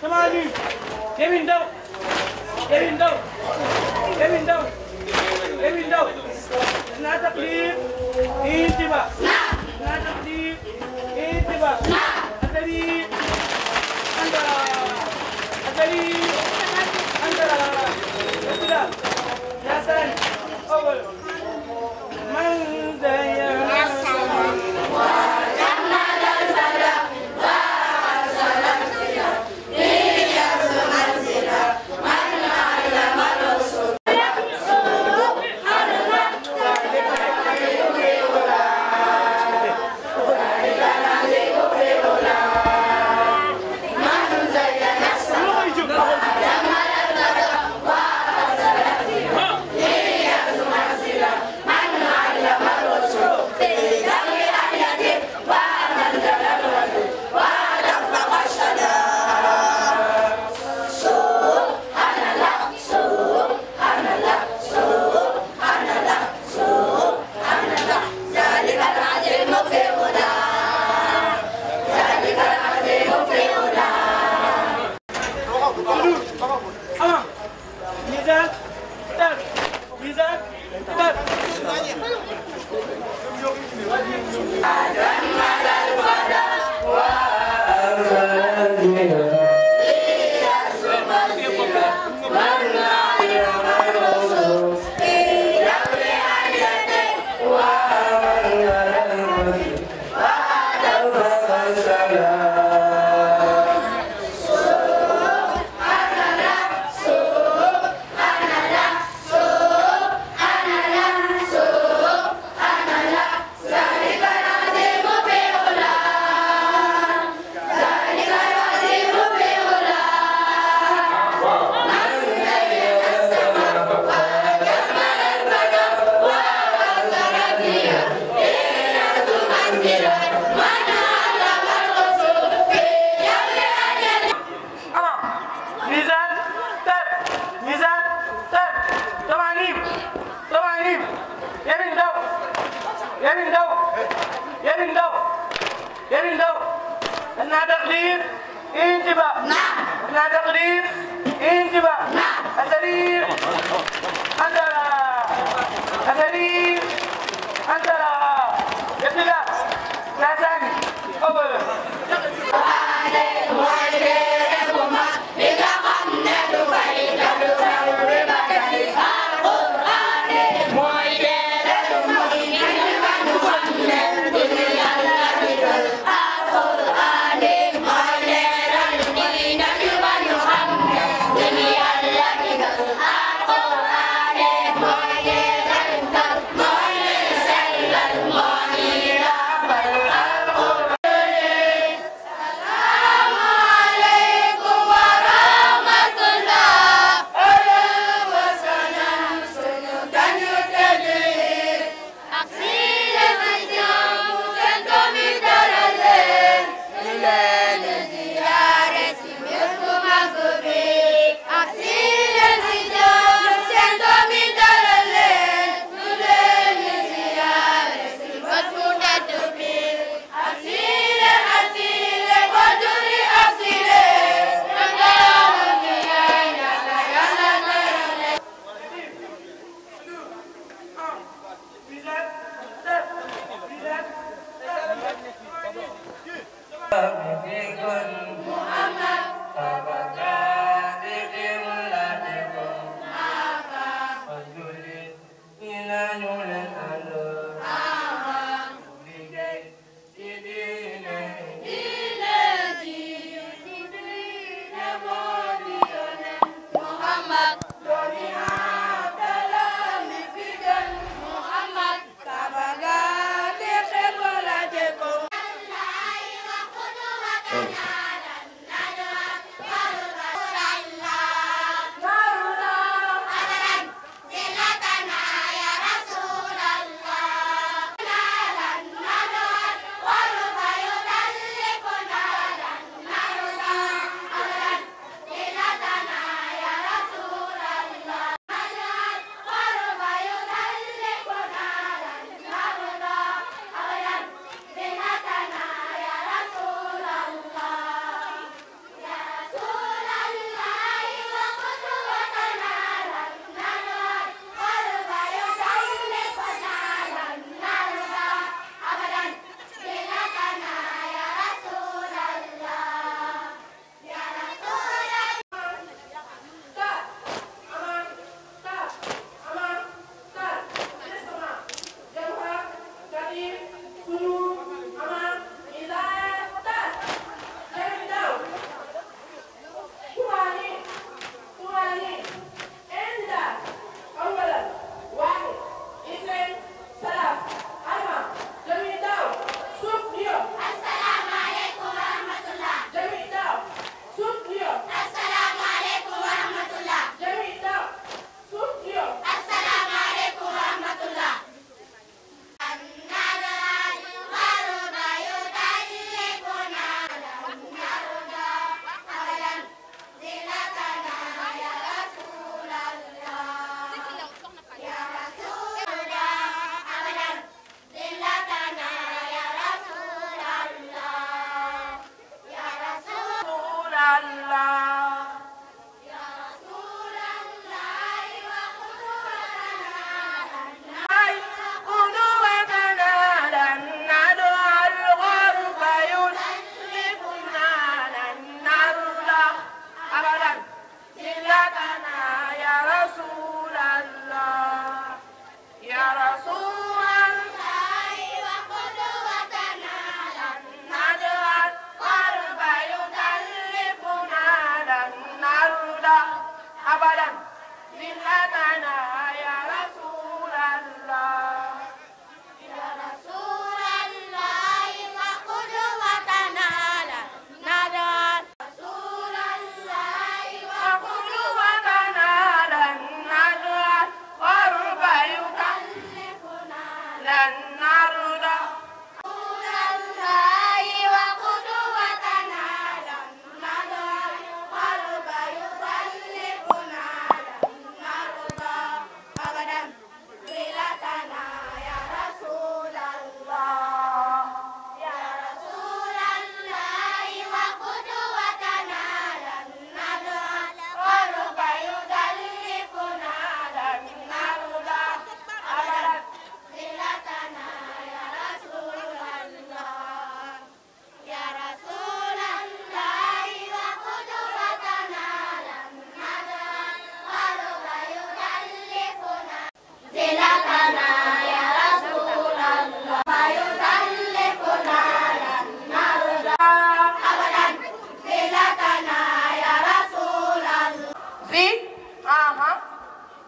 sama bi Lamine Ndaw Lamine Ndaw Lamine Ndaw Lamine Ndaw na taqlib intiba na taqlib intiba atari anda atari anda anda ya san awal yéen ndaw yéen ndaw yéen ndaw na taqdir intiba na taqdir intiba أساليب أنت أساليب أنت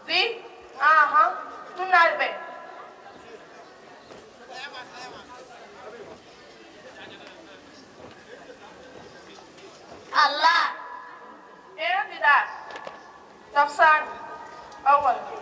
See? Uh-huh. Tunar bed. Allah. Air the dash. Tafsan. Awal.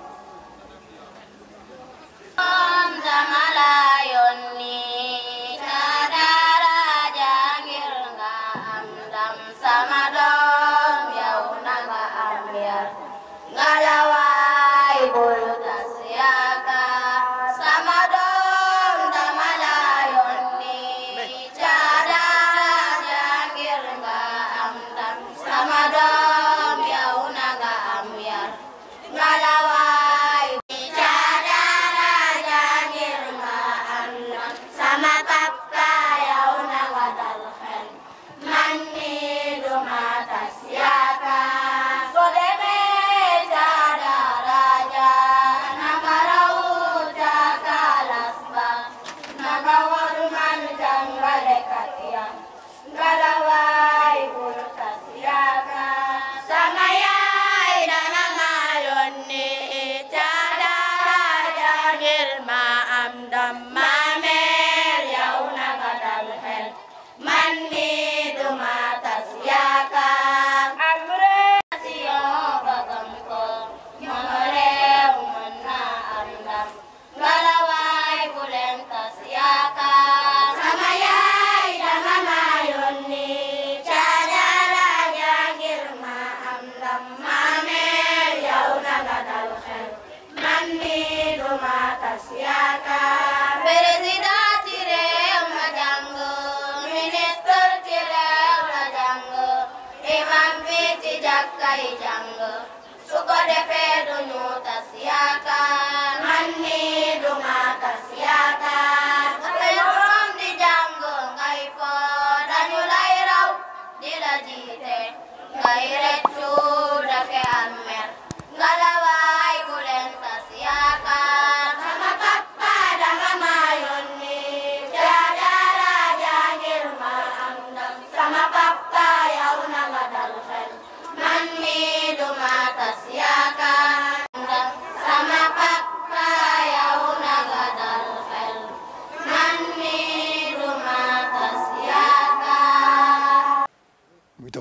ñaari jàng su ko defee duñu tas yaakaar